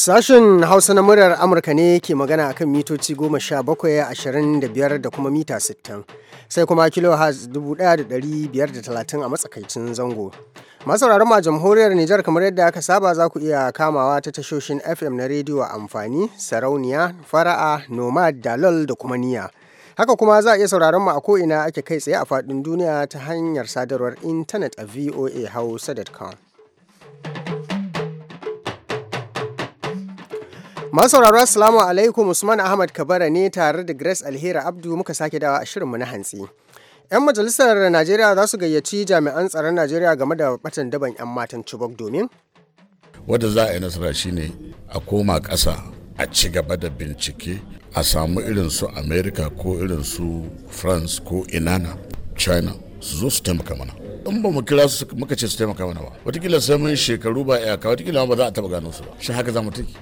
Sashen Hausa na muryar Amurka ne ke magana akan mitoci goma sha bakwai ashirin da biyar da kuma mita sittin, sai kuma kilo dubu da biyar da talatin a matsakaicin zango. Masu a jamhuriyar Nijar kamar yadda aka saba za ku iya kamawa ta tashoshin FM na rediyo amfani, sarauniya, fara'a, nomad, dalol da kuma niya. Haka kuma za a iya sauraron mu a ko'ina ake kai tsaye a faɗin duniya ta hanyar sadarwar intanet a voahausa.com. Masauraro Assalamu alaikum Usman Ahmad Kabara ne tare da Grace Alheri Abdu muka sake dawa a shirinmu na hantsi. 'Yan majalisar Najeriya za su gayyaci jami'an tsaron Najeriya game da batan daban 'yan matan Chibok domin? Wadda za a yi nasara shine a koma ƙasa a ci gaba da bincike a samu irin su America ko irin su France ko Inana China su zo su taimaka mana. in ba mu kira su muka ce su taimaka mana ba watakila sai mun shekaru ba iyaka watakila ba za a taba gano su ba shi haka za mu take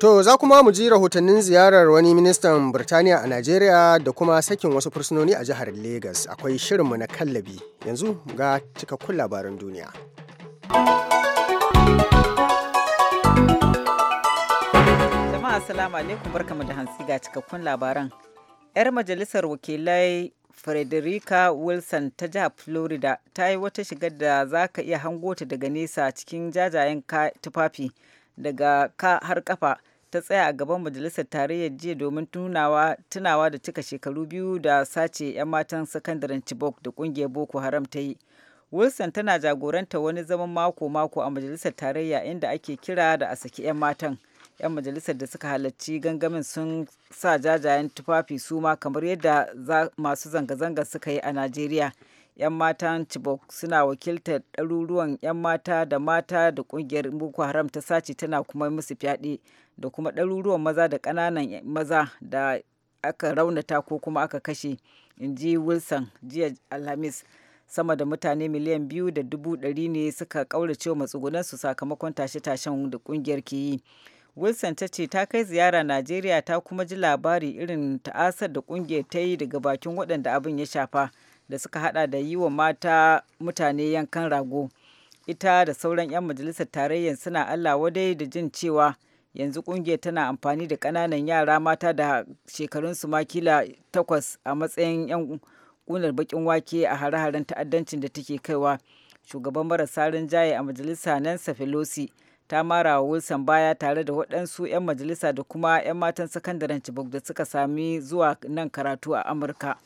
To za kuma mu ji rahotannin ziyarar wani ministan Birtaniya a Najeriya da kuma sakin wasu fursunoni a jihar Legas. Akwai shirinmu na kallabi. Yanzu ga cikakkun labaran duniya. Jama'a assalamu alaikum barkamu da hansi ga cikakkun labaran. 'Yar majalisar wakilai Frederica Wilson ta jiha Florida ta yi wata shigar da za ka iya hango ta daga nesa cikin jajayen tufafi daga ka har kafa ta tsaya a gaban majalisar tarayyar jiya domin tunawa da cika shekaru biyu da sace 'yan matan sakandaren chibok da kungiyar boko haram ta yi wilson tana jagoranta wani zaman mako-mako a majalisar tarayya inda ake kira da a saki 'yan matan 'yan majalisar da suka halarci gangamin sun sa jajayen tufafi su ma kamar yadda masu zanga-zanga suka yi a najeriya 'yan matan Chibok suna wakiltar ɗaruruwan 'yan mata da mata da ƙungiyar Boko Haram ta sace tana kuma musu fyaɗe da kuma ɗaruruwan maza da ƙananan maza da aka raunata ko kuma aka kashe, inji ji Wilson jiya Alhamis. Sama da mutane miliyan biyu da dubu ɗari ne suka ƙaurace matsugunansu sakamakon tashe-tashen da ƙungiyar ke yi. Wilson ta ce ta kai ziyara Najeriya ta kuma ji labari irin ta'asar da ƙungiyar ta yi daga bakin waɗanda abin ya shafa. da suka hada da yi wa mata mutane yankan rago ita da sauran 'yan majalisar tarayyar suna allah wadai da jin cewa yanzu kungiyar tana amfani da kananan yara mata da shekarunsu makila takwas a matsayin 'yan kunar bakin wake a hare-haren ta'addancin da take kaiwa shugaban marasa rinjaye a majalisa nansa pelosi ta mara wilson baya tare da waɗansu 'yan majalisa da kuma 'yan matan sakandaren chibok da suka sami zuwa nan karatu a amurka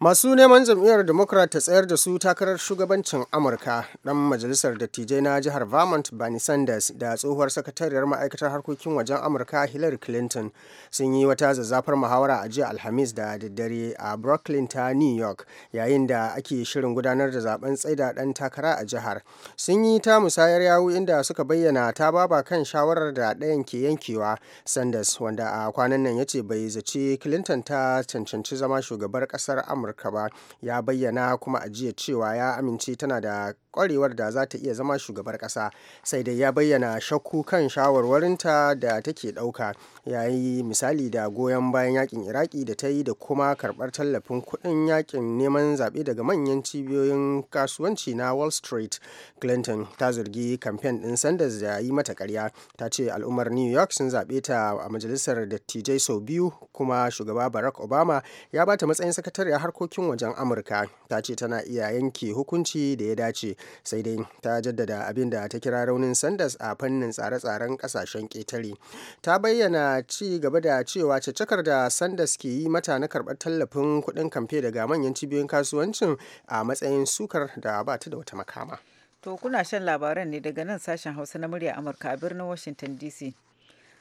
masu neman jam'iyyar democrat ta tsayar da su takarar shugabancin amurka dan majalisar dattijai na jihar vermont bernie sanders da tsohuwar sakatariyar ma'aikatar harkokin wajen amurka hillary clinton sun yi wata zazzafar muhawara a jiya alhamis da daddare a brooklyn ta new york yayin da ake shirin gudanar da zaben tsaida dan takara a jihar sun yi ta musayar yawu inda suka bayyana ta baba kan shawarar da ɗayan ke yankewa sanders wanda a kwanan nan ya ce bai zaci clinton ta cancanci zama shugabar ƙasar amurka amurka ba ya bayyana kuma a jiya cewa ya amince tana da kwarewar da za ta iya zama shugabar ƙasa sai dai ya bayyana shakku kan shawarwarinta da take dauka yi misali da goyon bayan yakin iraki da ta yi da kuma karɓar tallafin kuɗin yakin neman zaɓe daga manyan cibiyoyin kasuwanci na wall street clinton ta zargi kamfen ɗin sanders da yi mata karya ta ce al'ummar new york sun zaɓe ta a majalisar dattijai sau biyu kuma shugaba barack obama ya ba ta matsayin sakatare harkokin wajen amurka ta ce tana iya yanke hukunci da ya dace sai dai ta jaddada abin da ta kira raunin sanders a fannin tsare-tsaren kasashen ƙetare ta bayyana ci gaba da cewa cecekar da sanders ke yi mata na karɓar tallafin kuɗin kamfe daga manyan cibiyoyin kasuwancin a matsayin sukar da ba ta da wata makama to kuna shan labaran ne daga nan sashen hausa na murya amurka a birnin washington dc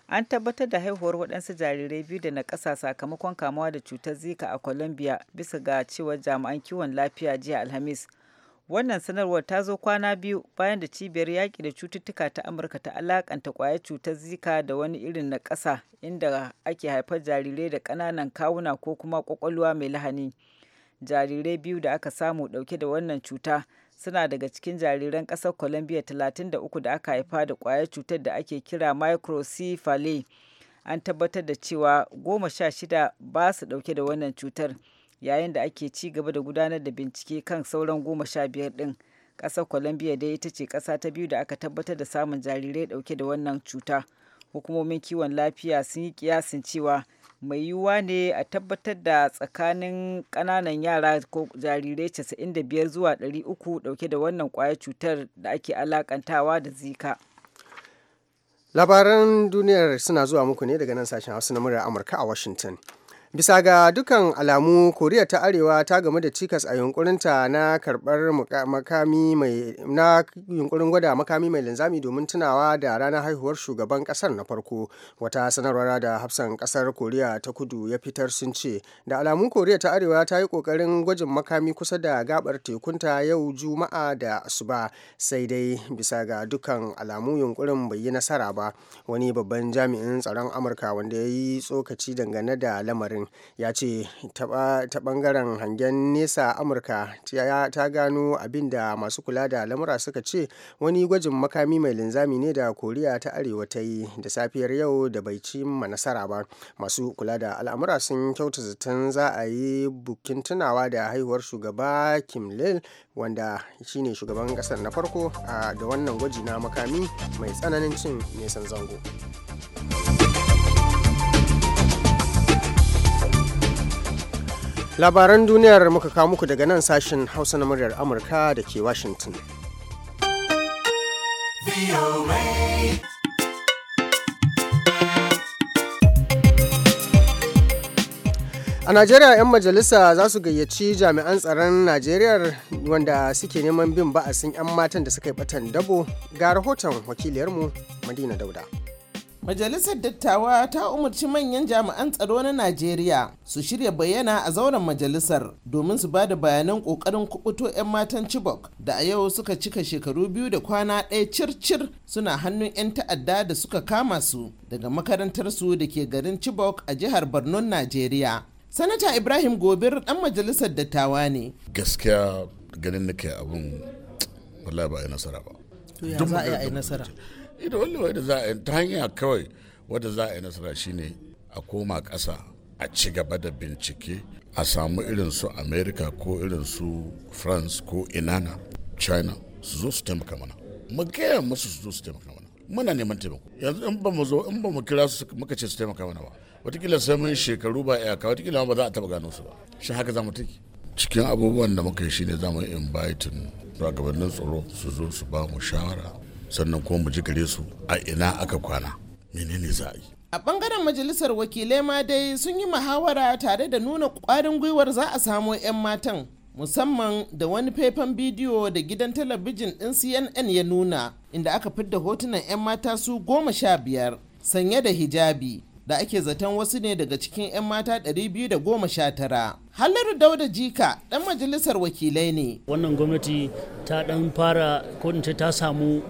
an tabbatar da haihuwar waɗansu jarirai biyu da na ƙasa sakamakon kamuwa da cutar zika a colombia bisa ga cewar jami'an kiwon lafiya jiya alhamis Wannan sanarwar ta zo kwana biyu bayan da cibiyar yaƙi da cututtuka ta Amurka ta alakanta ƙwayar cutar Zika da wani irin na ƙasa inda ake haifar jarirai da ƙananan kawuna ko kuma ƙwaƙwalwa mai lahani. Jarirai biyu da aka samu ɗauke da wannan cuta suna daga cikin jariran ƙasar Colombia 33 da aka haifa da ƙwayar cutar da ake kira microcephaly. An tabbatar da cewa goma sha shida ba su ɗauke da wannan cutar. yayin da ake ci gaba da gudanar da bincike kan sauran goma sha biyar ɗin ƙasar colombia dai ita ce ƙasa ta biyu da aka tabbatar da samun jarirai dauke da wannan cuta hukumomin kiwon lafiya sun yi kiyasin cewa mai yiwuwa ne a tabbatar da tsakanin ƙananan yara ko jarirai 95 zuwa 300 ɗauke da wannan ƙwayar cutar da ake alakantawa da zika labaran duniyar suna zuwa muku ne daga nan sashen hausa na murar amurka a washington bisa ga dukan alamu koriya ta arewa ta gamu da cikas a yunkurinta na karbar makami mai na yunkurin gwada makami mai linzami domin tunawa da ranar haihuwar shugaban kasar na farko wata sanarwar da hafsan kasar koriya ta kudu ya fitar sun ce da alamu koriya ta arewa ta yi kokarin gwajin makami kusa da gabar tekunta yau juma'a da asuba sai dai bisa ga dukan alamu yunkurin bai yi nasara ba wani babban jami'in tsaron amurka wanda ya yi tsokaci dangane da lamarin Catherine ya ce ta bangaren hangen nesa Amurka ta gano abin da masu kula da lamura suka ce wani gwajin makami mai linzami ne da Koriya ta Arewa ta yi da safiyar yau da bai ci nasara ba. Masu kula da al'amura sun kyauta zaton za a yi bukin tunawa da haihuwar shugaba Kim Lil wanda shine shugaban kasar na farko da wannan gwaji na makami mai tsananin cin nesan zango. labaran duniyar muka kawo muku daga nan sashen hausa na muryar amurka da ke washington A Najeriya 'yan majalisa za su gayyaci jami'an tsaron Najeriya wanda suke neman bin ba'asin 'yan matan da suka yi batan dabo ga rahoton wakiliyarmu Madina Dauda. Majalisar Dattawa ta umarci manyan jami'an tsaro na Najeriya su shirya bayyana a zauren majalisar domin su ba da bayanan ƙoƙarin kubuto 'yan matan Chibok da a yau suka cika shekaru biyu da kwana ɗaya cir-cir suna hannun 'yan ta'adda da suka kama su daga makarantar su da ke garin Chibok a jihar Borno, Najeriya. Sanata Ibrahim Gobir ɗan majalisar dattawa ne. Gaskiya ganin nake abin wallahi ba a yi nasara ba. To ya za a yi nasara? ita eh, wani wani za a ta hanya kawai wadda za a yi nasara shine a koma ƙasa a ci gaba da bincike a samu irin su america ko irin su france ko inana china su zo su taimaka mana mu gaya musu su zo su taimaka mana muna neman taimako yanzu in ba mu zo in ba mu kira su muka ce su taimaka mana ba watakila sai mun shekaru ba iyaka watakila ba za a taba gano su ba shi haka za mu take cikin abubuwan da muka yi shine za mu yi inviting shugabannin tsaro su zo su ba mu shawara sannan kuma mu ji gare su a ina aka kwana menene za a yi a bangaren majalisar wakilai ma dai sun yi muhawara tare da nuna kwarin gwiwar za a samo 'yan matan musamman da wani faifan bidiyo da gidan talabijin ɗin cnn ya nuna inda aka fidda hotunan 'yan mata su goma sha biyar sanye da hijabi da ake zaton wasu ne daga cikin 'yan mata biyu da goma sha tara halaru dauda jika dan majalisar wakilai ne wannan gwamnati ta dan fara ko ta samu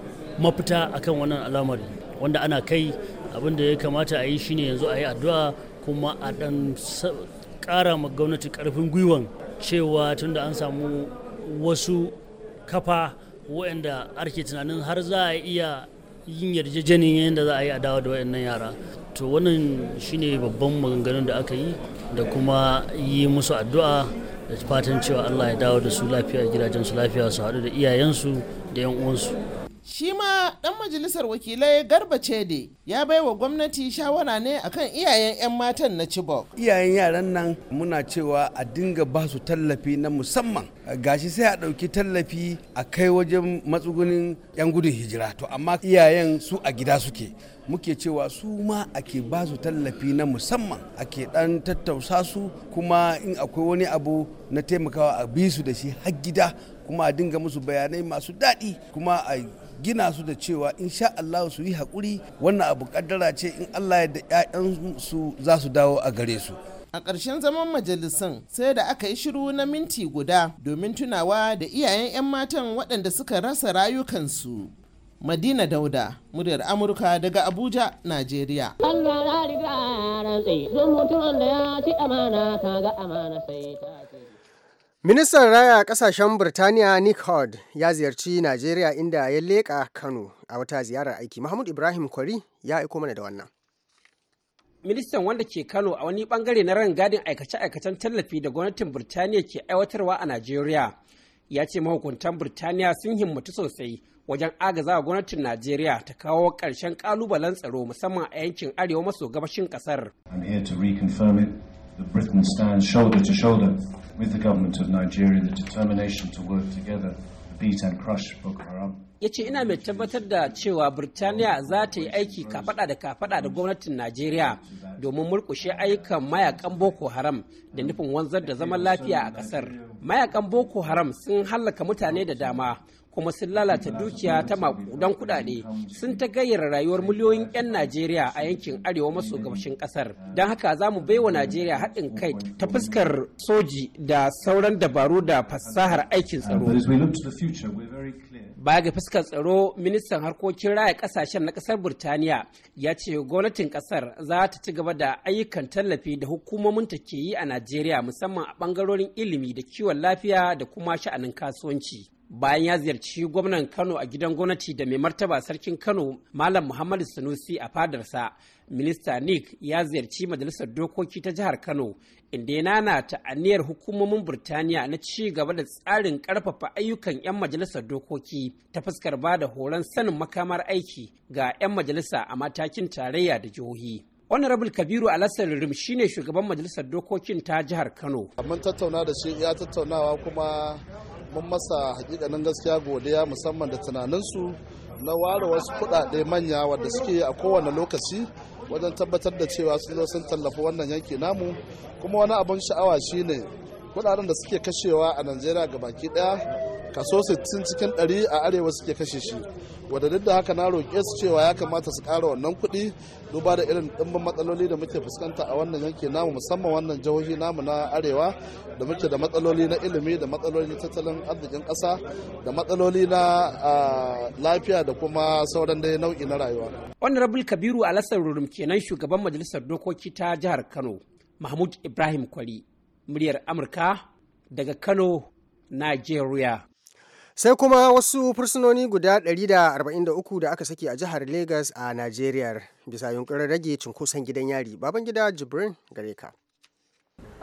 mafita akan wannan al'amari wanda ana kai abin da ya kamata a yi shine yanzu a yi addu'a kuma a dan kara ma gwamnati karfin gwiwan cewa tunda an samu wasu kafa waɗanda ake tunanin har za a iya yin yarjejeniyar yadda za a yi a dawo da waɗannan yara to wannan shine babban maganganun da aka yi da kuma yi musu addu'a da fatan cewa allah ya dawo da su lafiya gidajensu lafiya su haɗu da iyayensu da 'yan uwansu shi ma ɗan majalisar wakilai garba cede ya bai wa gwamnati shawara ne akan iyayen 'yan matan na chibok iyayen yaran nan muna cewa a dinga ba su tallafi na musamman gashi sai a ɗauki tallafi a kai wajen matsugunin 'yan gudun hijira to amma iyayen su a gida suke muke cewa su ma ke ba su tallafi na musamman ake ɗan tattausa su kuma in akwai wani abu na taimakawa a bi su da shi har gida kuma a dinga musu bayanai masu daɗi kuma a gina su da cewa insha Allah su yi haƙuri wannan abu kaddara ce in Allah ya da 'ya'yansu za su dawo a gare su. a ƙarshen zaman majalisan sai da aka yi shiru na minti guda domin tunawa da iyayen 'yan matan waɗanda suka rasa rayukansu madina dauda muryar amurka daga abuja najeriya allah na riga mutum da ya ci amana kaga amana sai ta Ministan Raya Ƙasashen Birtaniya Nick Hod ya ziyarci Najeriya inda ya leƙa Kano a wata ziyarar aiki. Mahmud Ibrahim Kwari ya aiko mana da wannan. ministan wanda ke kano a wani bangare na ran gadin aikace-aikacen tallafi da gwamnatin birtaniya ke aiwatarwa a najeriya ya ce mahukuntan birtaniya sun himmatu sosai wajen agaza gwamnatin najeriya ta kawo ƙarshen ƙalubalen tsaro musamman a yankin arewa maso gabashin ƙasar. i'm here to reconfirm it that britain stands shoulder to shoulder with the government of Nigeria the determination to work together to beat and crush Boko Haram. ya ce ina mai tabbatar da cewa Birtaniya za ta yi aiki kafada da kafada da gwamnatin Najeriya domin murkushe ayyukan mayakan Boko Haram da nufin wanzar da zaman lafiya a ƙasar. Mayakan Boko Haram sun hallaka mutane da dama kuma sun lalata dukiya ta makudan kudade sun ta gayyara rayuwar miliyoyin 'yan najeriya a yankin arewa maso gabashin kasar don haka za mu baiwa najeriya haɗin kai ta fuskar soji da sauran dabaru da fasahar aikin tsaro baya ga fuskar tsaro ministan harkokin raya kasashen na kasar burtaniya ya ce gwamnatin kasar za ta ci gaba da ayyukan tallafi da hukumomin ta ke yi a najeriya musamman a ɓangarorin ilimi da kiwon lafiya da kuma sha'anin kasuwanci bayan ya ziyarci gwamnan kano a gidan gwamnati da mai martaba sarkin kano malam muhammadu sanusi a fadarsa minista nick ya ziyarci majalisar dokoki ta jihar kano inda ya nanata aniyar hukumomin burtaniya na ci gaba da tsarin karfafa ayyukan 'yan majalisar dokoki ta fuskar ba da horon sanin makamar aiki ga 'yan majalisa a matakin tarayya da jihohi honorable kabiru alassar rim shine shugaban majalisar dokokin ta jihar kano mun tattauna da shi ya tattaunawa kuma mun masa hakikanin gaskiya godiya musamman da tunaninsu na ware wasu kudade manya wadda suke a kowane lokaci wajen tabbatar da cewa sun zo sun tallafa wannan yanki namu kuma wani abin sha'awa shine kuɗaɗen da suke kashewa a najeriya ga baki daya. kaso 60 cikin 100 a arewa suke kashe shi wadda duk da haka na roƙe su cewa ya kamata su ƙara wannan kuɗi duba da irin ɗimbin matsaloli da muke fuskanta a wannan yanki namu musamman wannan jihohi namu na arewa da muke da matsaloli na ilimi da matsaloli tattalin arzikin ƙasa da matsaloli na lafiya da kuma sauran dai nau'i na rayuwa. honorable kabiru lasar rurum kenan shugaban majalisar dokoki ta jihar kano mahmud ibrahim kwari muryar amurka daga kano nigeria sai kuma wasu fursunoni guda 143 da aka saki a jihar lagos a najeriya bisa yunkurin rage cunkoson gidan yari baban gida jibrin gare ka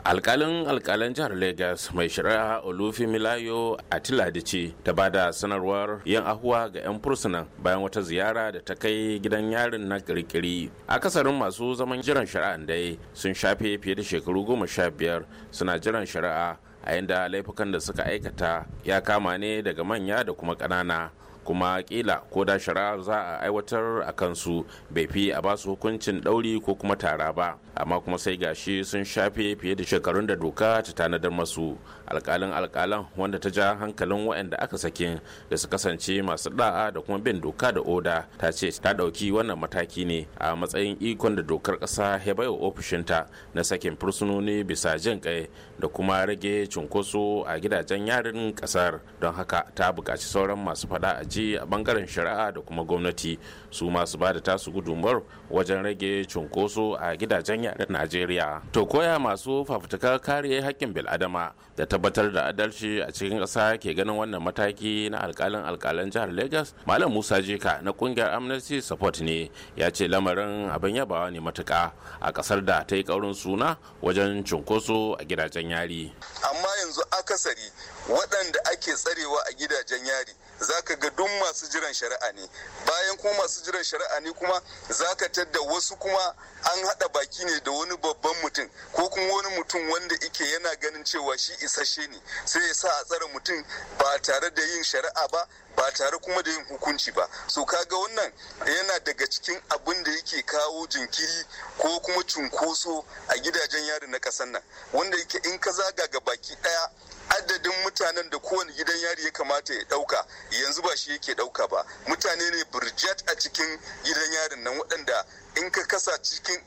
alkalin alkalan jihar lagos mai shari'a olufimilayo tiladici ta ba da sanarwar yin ahuwa ga 'yan fursunan bayan wata ziyara da ta kai gidan yarin na kirkiri akasarin masu zaman jiran shari'a dai sun shafe fiye da shekaru goma sha biyar suna jiran shari'a a yadda laifukan da suka aikata ya kama ne daga manya da kuma ƙanana kuma kila ko da shara za a aiwatar a kansu bai fi a basu hukuncin ɗauri ko kuma tara ba amma kuma sai gashi sun shafe fiye da shekarun da doka ta tanadar masu alkalin alkalan wanda ta ja hankalin waɗanda aka sakin da su kasance masu da'a da kuma bin doka da oda ta ce ta ɗauki wannan mataki ne a matsayin ikon da dokar ƙasa ya bai wa ofishinta na sakin fursunoni bisa jin kai da kuma rage cunkoso a gidajen yarin ƙasar don haka ta buƙaci sauran masu faɗa a ji a bangaren shari'a da kuma gwamnati su masu ba da tasu gudunmawar wajen rage cunkoso a gidajen yarin najeriya to koya masu fafutukar kariyar hakkin bil'adama da ta tabbatar da adalci a cikin ƙasa ke ganin wannan mataki na alƙalin alƙalan jihar Legas Malam Musa Jeka na ƙungiyar Amnesty Support ne ya ce lamarin abin yabawa ne matuƙa a ƙasar da ta yi ƙaurin suna wajen cunkoso a gidajen yari. Amma yanzu akasari waɗanda ake tsarewa a gidajen yari za ka ga duk masu jiran shari'a ne bayan kuma masu jiran shari'a ne kuma za ka tadda wasu kuma an haɗa baki ne da wani babban mutum ko kuma wani mutum wanda ike yana ganin cewa shi isasshe ne sai ya sa a tsare mutum ba tare da yin shari'a ba ba tare kuma da yin hukunci ba so kaga wannan yana daga cikin abin da yake kawo jinkiri ko kuma cunkoso a gidajen yari na ƙasar nan wanda yake in ka zaga ga baki ɗaya adadin mutanen da kowane gidan yari ya kamata ya ɗauka yanzu ba shi yake ɗauka ba mutane ne burjet a cikin gidan yarin nan waɗanda in ka kasa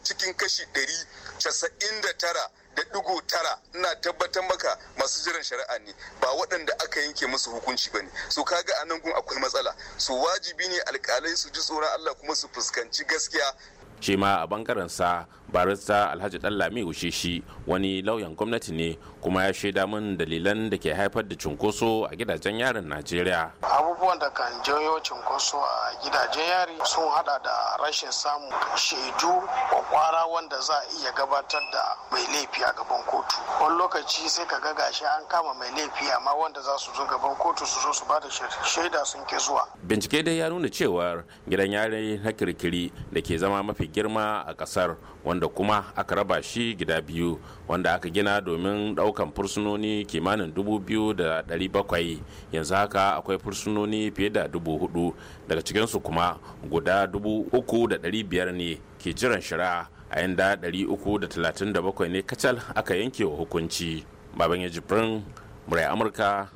cikin kashi ɗari casa'in da tara da ɗigo tara ina tabbatar maka masu jiran shari'a ne ba waɗanda aka yanke musu hukunci ba ne so kaga a nan gun akwai matsala so wajibi ne alƙalai su ji tsoron allah kuma su fuskanci gaskiya shi ma a bangaren sa barista alhaji dallami shi wani lauyan gwamnati ne kuma ya shaida min dalilan da ke haifar da cunkoso a gidajen yarin najeriya abubuwan da kan janyo cunkoso a gidajen yari sun hada da rashin samun shaidu kwakwara wanda za a iya gabatar da mai laifi a gaban kotu wani lokaci sai ka ga gashi an kama mai laifi amma wanda za su zo gaban kotu su zo su ba da shaida sun ke zuwa bincike dai ya nuna cewa gidan yari na kirkiri da ke zama mafi girma a kasar wanda kuma aka raba shi gida biyu wanda aka gina domin daukan fursunoni kimanin 2,700 yanzu haka akwai fursunoni fiye da 4,000 daga cikinsu kuma guda 3,500 ne ke jiran shari'a a yanda 337 ne kacal aka yanke wa hukunci baban ya jibrin murai amurka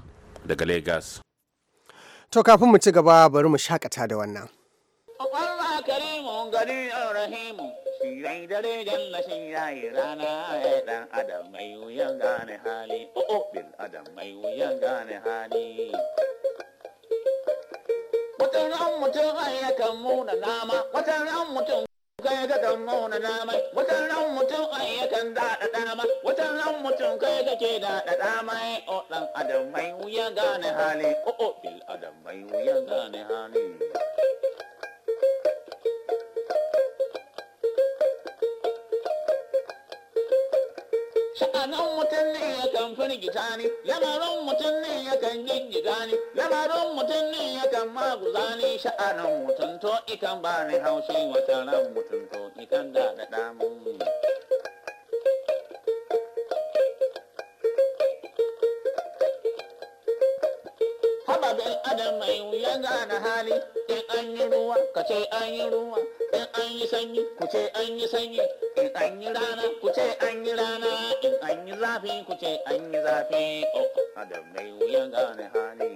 daga lagos to kafin mu ci gaba bari mu shakata da wannan karimun gari rahimu Mai dare na shi yayi rana ya dan adam mai wuyan gane hali. O'o bil adam mai wuyan gane hali. Watan ran mutum ai yakan muna nama, watan ran mutum kai ga kan muna nama, watan ran mutum ai kan daɗa dama, watan ran mutum kai ga ke daɗa dama. O dan adam mai wuyan gane hali. O'o bil adam mai wuyan gane hali. sha'anin mutum ne ya kan firgita ne lamarin mutum ne ya kan gingiga ne lamarin mutum ne ya kan maguza ne sha'anin mutum to ikan ba ni haushi wata ran mutum to ikan da da damun haba bin adam mai wuyan gane hali an yi ruwa ka ce an yi ruwa in an yi sanyi ku ce an yi sanyi in an yi rana ku ce an yi rana in an yi zafi ku ce an yi zafi oh adam mai wuyan gane hali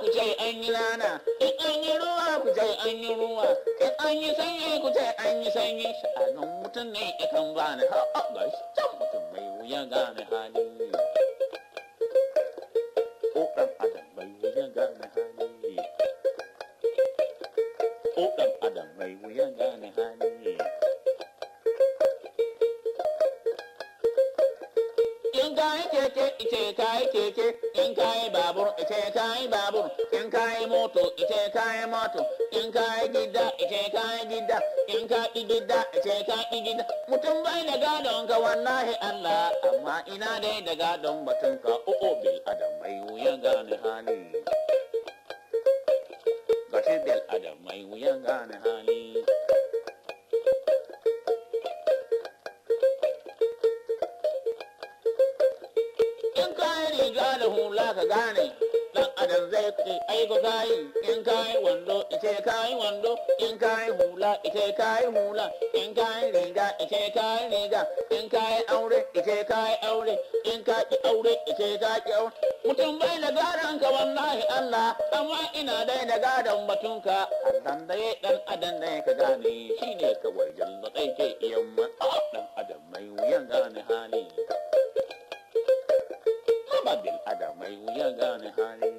kujai an yi rana in an yi ruwa kujai an yi ruwa in an yi sanyi kujai an yi sanyi sha'anin mutum ne ikan bani ha'a ga shi can yagame Adam, may we yagame hallelujah. Adam, may we yagame keke ice kayi keke in kayi babur ice kayi babur in kayi moto ice kayi moto in kayi gida ice kayi gida in kayi gida ice kayi gida mutum bai da gadon ka wallahi Allah amma ina dai da gadon batun ka o'o bil adam mai wuyan gane hali gashi bil adam mai wuyan gane hali hula ka gane dan adam zai ce ai ko kai in kai wando ite kai wando in kai hula ite kai hula in kai riga ite kai riga in kai aure ite kai aure in kai aure ite kai aure mutum bai da garan ka wallahi Allah amma ina dai da garan batun ka Allah dai dan adam dai ka gane shine kawai jalla dai ke yamma dan adam mai wuyan gane hali Babin gane hali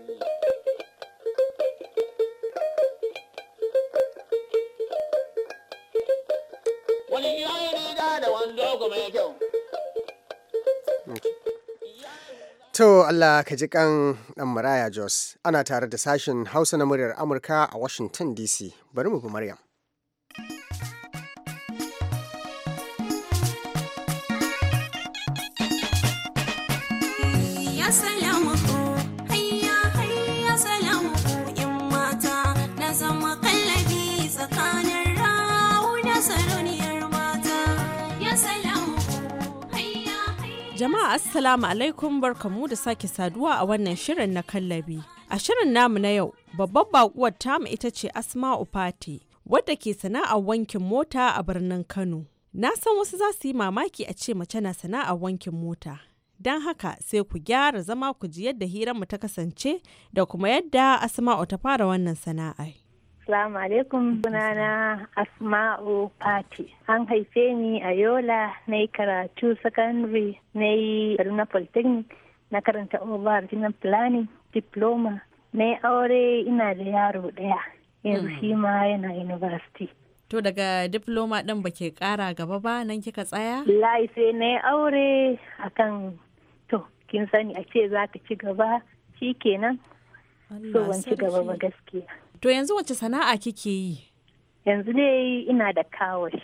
wani yayi rida da wando kuma kyau To Allah ka ji kan ɗan Maraya Jos ana tare da sashen Hausa na muryar Amurka a Washington DC. Bari mu bi Maryam. Assalamu Jama'a Assalamu alaikum barkamu da sake saduwa a wannan shirin na kallabi. A shirin namu na yau, babbar bakuwar tamu ita ce Asma'u Fati, wadda ke sana'ar wankin mota a birnin Kano. Na san wasu za su yi mamaki a ce mace na sana'ar wankin mota. Don haka sai ku gyara zama ku ji yadda hiranmu ta kasance da kuma yadda Asma'u ta fara wannan sana'ar. Assalamu alaikum sunana Asma'u Fati. An haife ni a Yola na yi karatu secondary na yi Kaduna Polytechnic na karanta over regional planning diploma na yi aure ina da yaro ɗaya yanzu hmm. shi ma yana university. To daga diploma ɗin ba ke ƙara gaba ba nan kika tsaya? Lai sai na yi aure akan to kin sani a ce za ka ci gaba shi kenan. So ban ci gaba ba gaskiya. To yanzu wace sana'a kike yi? Yanzu ne ina da kawash.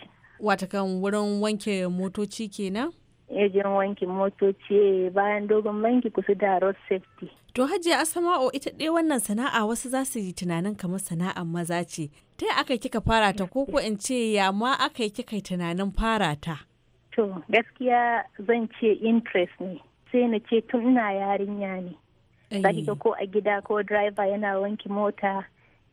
kan wurin wanke motoci kenan? Ejin eh, wanke motoci bayan dogon banki kusa da road safety. To hajiya Asama'u ita ɗaya wannan sana'a wasu za su yi tunanin kamar sana'ar maza ce. Ta yi aka kika fara ta ko ko in ce ya ma aka yi kika tunanin fara ta? To gaskiya zan ce interest ne. Sai na ce tun ina yarinya ne. Zaki eh. ko a gida ko driver yana wanke mota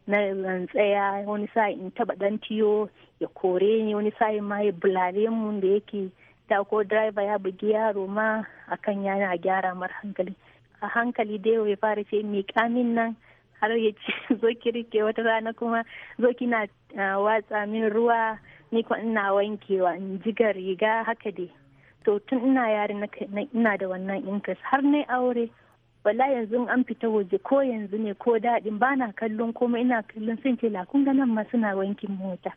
na rantsaya wani sa'in in taba dan tiyo ya kore ni wani sa'in ma ya bulare mu da yake ta ko driver ya bugi yaro ma akan yana gyara mar hankali a hankali dai ya fara ce mi kamin nan har ya ci zo ki rike wata rana kuma zo kina watsa min ruwa ni ko ina wankewa in jiga riga haka dai to tun ina yari ina da wannan interest har na aure Bala yanzu an fita waje ko yanzu ne ko daɗin ba na kallon komai ina kallon sun ce lakun ganan ma suna wankin mota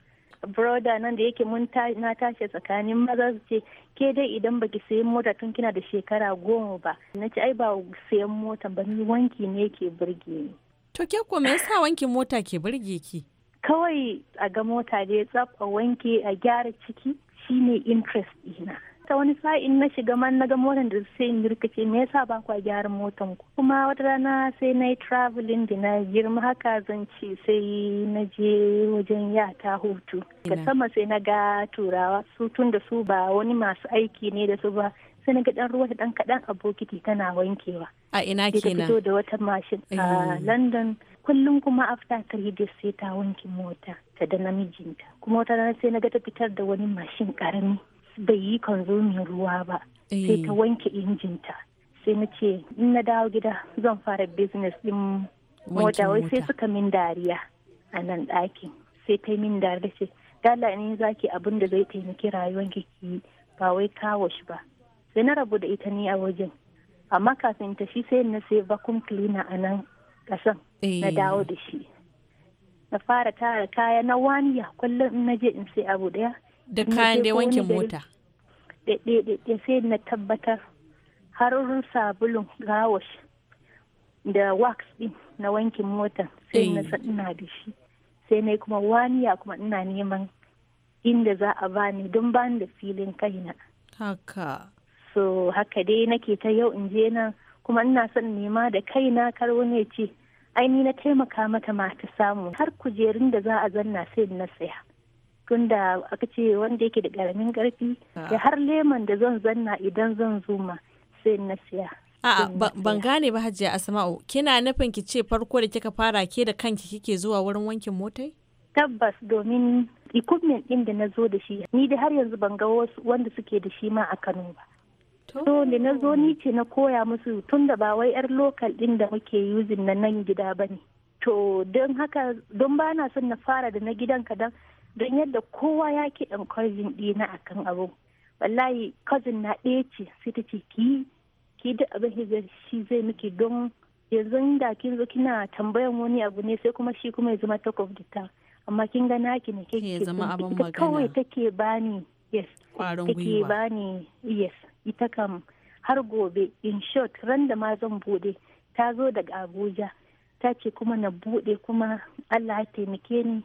broda nan da yake mun na tashi tsakanin maza su ce ke dai idan baki sayan mota tun kina da shekara goma ba na ce ai ba sayan mota ba ni wanki ne ke burge ni to ke ko me yasa wankin mota ke burge ki kawai a ga mota da ya tsaf a wanke a gyara ciki shine interest dina ta wani sa'in na shiga man na ga motar da sai in ce me yasa ba kwa gyaran motan ku kuma wata rana sai na yi traveling da na girma haka zan ce sai na je wajen yata hutu da sama sai na ga turawa su tun da su ba wani masu aiki ne da su ba sai na ga dan ruwa dan kadan a bokiti tana wankewa a ina kenan fito da wata mashin a eh. London kullum kuma after three days sai ta wanke mota ta da namijinta kuma wata rana sai na ga ta fitar da wani mashin karami bai yi konzumin ruwa ba sai ta eh. wanke injinta sai na ce in na dawo gida zan fara business din mota wai sai suka min dariya a nan ɗakin sai ta min dariya ce dala ne zaki abin da zai taimaki rayuwar ki ba wai kawo shi ba sai na rabu da ita ne a wajen amma kafin ta shi sai na sai vacuum cleaner a nan kasan na eh. dawo da shi na fara tara kaya na waniya kullum na je in sai abu daya da kayan da wanke mota da sai na tabbatar harorin sabulun gawash da wax din na wankin mota sai na eh. ina da shi sai na kuma waniya kuma ina neman inda za a bani don bani da filin kaina haka so haka dai nake ta yau in je nan kuma ina son nema da kaina kar wani ya ce ai ni na taimaka mata ma ta samu har kujerun da za a zanna sai na saya. tunda aka ce wanda yake da karamin karfi ah. da har leman da zan zanna idan zan zuma sai na siya A'a ban gane ba Hajiya Asma'u kina nufin ki ce farko da kika fara ke da kanki kike zuwa wurin wankin mota. Tabbas domin equipment din da na zo da shi ni da har yanzu ban ga wasu wanda suke da shi ma a Kano ba. To da na zo ni ce na koya musu tun da ba wai 'yar lokal din da muke yuzin na nan gida ba ne. To don haka don ba na son na fara da na gidan kadan don yadda kowa ya ki encouraging ɗina kan abu wallahi cousin na ɗaya ce sai ta ce ki ki da abin shi zai miki don yanzu da kin zo kina tambayan wani abu ne sai kuma shi kuma ya zama talk of the amma kin ga ki ne ke zama abin magana kawai take bani yes take bani yes ita kam har gobe in short ran da ma zan bude ta zo daga Abuja ta ce kuma na bude kuma Allah ya taimake ni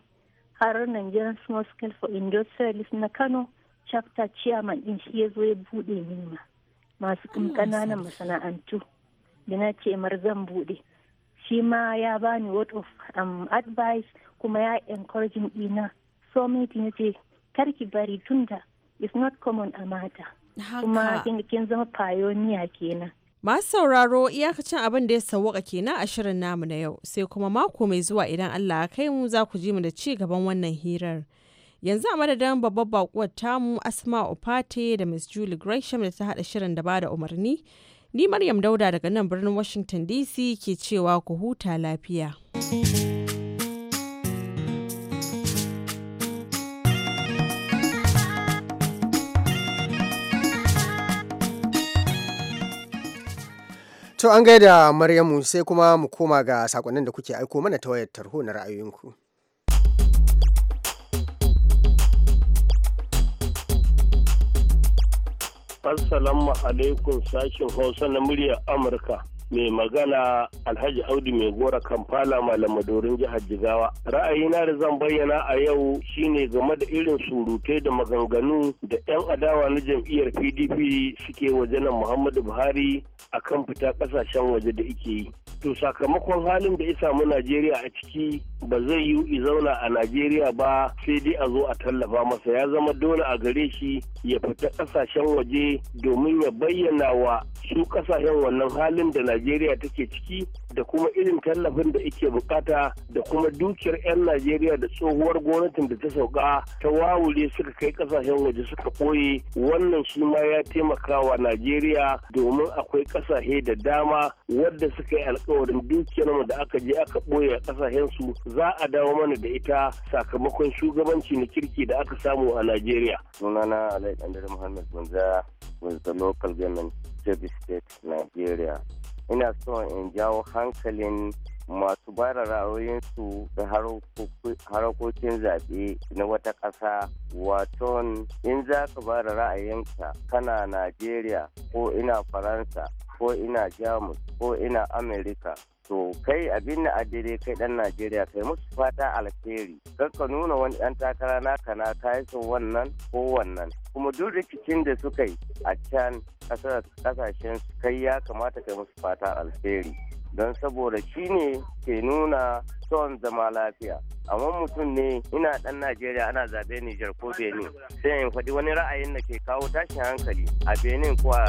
har Nigerian Small Scale for Industrialist na Kano chapter chairman din shi ya zo ya bude min masu kananan hmm, masana'antu da na ce mar zan bude shi ma ya bani word of um, advice kuma ya encourage dina so meeting kar karki bari tunda is not common a mata kuma kin zama pioneer kenan Masu sauraro iyakacin abin da ya sauwaka kenan a shirin namu na yau sai kuma mako mai zuwa idan Allah ya kai mu za ku ji mu da ci gaban wannan hirar. Yanzu a madadin babbar bakuwar tamu Asma Opate da Miss Julie Gresham da ta haɗa shirin da ba da umarni. Ni Maryam Dauda daga nan birnin Washington DC ke cewa ku huta lafiya. To an gaida Maryamu sai kuma mu koma ga sakonnin da kuke aiko mana ta wayar tarho na ra'ayoyinku. Assalamu alaikum sashin Hausa na muryar Amurka. mai magana alhaji audu mai gora kamfala malam madorin jihar jigawa ra'ayina da zan bayyana a yau shine game da irin surutai da maganganu da 'yan adawa na jam'iyyar pdp suke wajen muhammadu buhari a kan fita kasashen waje da ike yi to sakamakon halin da ya samu najeriya a ciki ba zai yi zauna a najeriya ba sai dai a zo a tallafa masa ya zama dole a gare shi ya fita kasashen waje domin ya bayyana wa su kasashen wannan halin da najeriya take ciki da kuma irin tallafin da ake bukata da kuma dukiyar 'yan najeriya da tsohuwar gwamnatin da ta sauka ta wawure suka kai kasashen waje suka ɓoye wannan shi ma ya taimaka wa najeriya domin akwai kasashe da dama wadda suka yi alkawarin dukiyarmu da aka je aka ɓoye a kasashen su za a dawo mana da ita sakamakon shugabanci na kirki da aka samu a najeriya sunana alai muhammad banza with the local government Jebi State, Nigeria. Ina so in jawo hankalin masu bara ra'ayoyinsu da harakokin zaɓe na wata ƙasa waton in za ka bara ra'ayinka kana Najeriya ko ina Faransa ko ina Jamus ko ina Amerika to kai abin na adire kai dan najeriya kai musu fata alheri kar ka nuna wani dan takara naka na kai so wannan ko wannan kuma duk rikicin da suka yi a can kasashen kai ya kamata kai musu fata alheri don saboda shi ne ke nuna son zama lafiya amma mutum ne ina dan najeriya ana zaɓe nijar ko benin sai in faɗi wani ra'ayin da ke kawo tashin hankali a benin ko a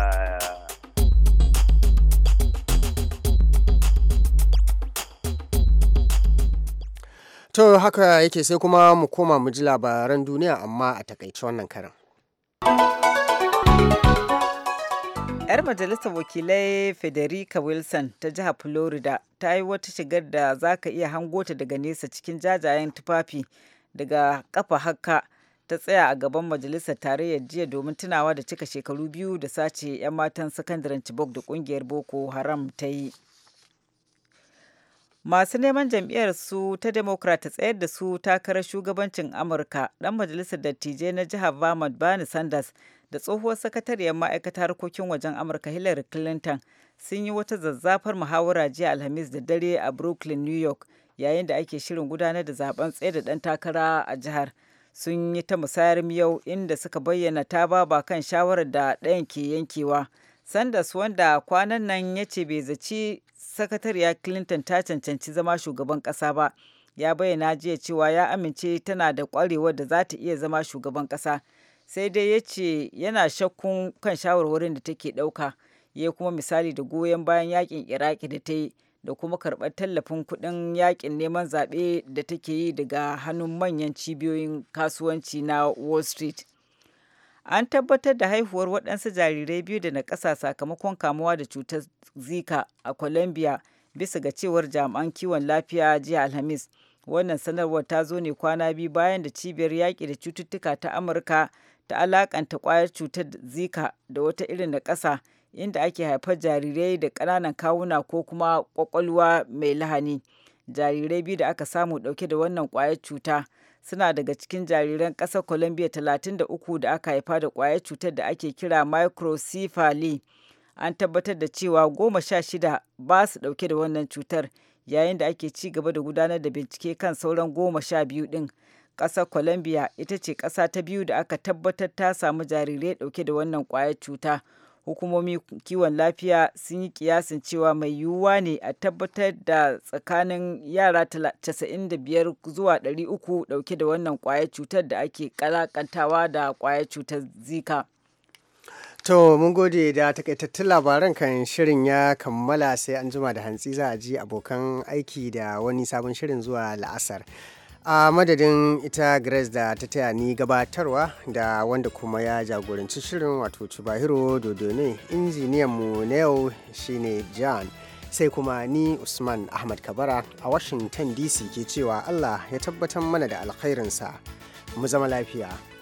To haka yake sai kuma mu koma mu ji labaran duniya amma a takaice wannan karin. Yar majalisar wakilai Federica Wilson ta jihar Florida ta yi wata shigar da za ka iya hango ta daga nesa cikin jajayen tufafi daga kafa haka ta tsaya a gaban majalisar tarayyar jiya domin tunawa da cika shekaru biyu da sace 'yan matan sakandaren Chibok da kungiyar Boko Haram ta yi. masu neman jam'iyyar su ta democrat ta tsayar da su takarar shugabancin amurka dan majalisar dattijai na jihar vermont bernie sanders da tsohuwar sakatariyar ma'aikata harkokin wajen amurka hillary clinton sun yi wata zazzafar muhawara jiya alhamis da dare a brooklyn new york yayin da ake shirin gudanar da zaben tsaye da dan takara a jihar sun yi ta musayar miyau inda suka bayyana ta ba kan shawarar da ɗayan ke yankewa Sanders wanda kwanan nan ya ce bai zaci sakatariya Clinton ta cancanci zama shugaban ƙasa ba, ya bayyana jiya cewa ya amince tana da ƙwarewar da za ta iya zama shugaban ƙasa. Sai dai ya ce yana shakkun kan shawarwarin da take ɗauka, ya kuma misali da goyon bayan yakin Iraki da ta yi da kuma karɓar tallafin kuɗin yakin neman zaɓe da take yi daga hannun manyan cibiyoyin kasuwanci na Wall Street. an tabbatar da haihuwar waɗansu jarirai biyu da na ƙasa sakamakon kamuwa da cutar zika a colombia bisa ga cewar jami'an kiwon lafiya jiya alhamis wannan sanarwar ta zo ne kwana biyu bayan da cibiyar yaƙi da cututtuka ta amurka ta alakanta ƙwayar cutar zika da wata irin na ƙasa inda ake haifar jarirai da ƙananan kawuna ko kuma ƙwaƙwalwa mai lahani jarirai biyu da aka samu ɗauke da wannan ƙwayar cuta suna daga cikin jariran ƙasar Colombia 33 da aka haifa da ƙwayar cutar da ake kira microcephaly. An tabbatar da cewa goma sha shida ba su ɗauke da wannan cutar yayin da ake ci gaba da gudanar da bincike kan sauran goma sha biyu ɗin. Ƙasar Colombia ita ce ƙasa ta biyu da aka tabbatar ta samu jarirai ɗauke da wannan ƙwayar cuta. hukumomi kiwon lafiya sun yi kiyasin cewa mai yiwuwa ne a tabbatar da tsakanin yara 95 zuwa 300 dauke da wannan kwayar cutar da ake kalakantawa da kwayar cutar zika To mun gode da takaitattun labaran kan shirin ya kammala sai an jima da hantsi za a ji abokan aiki da wani sabon shirin zuwa la'asar. a madadin ita grace da ta taya ni gabatarwa da wanda kuma ya jagoranci shirin wato cibahiro injiniyan mu na yau shine john sai kuma ni usman ahmad kabara a washington dc ke cewa allah ya tabbatar mana da alkhairinsa mu zama lafiya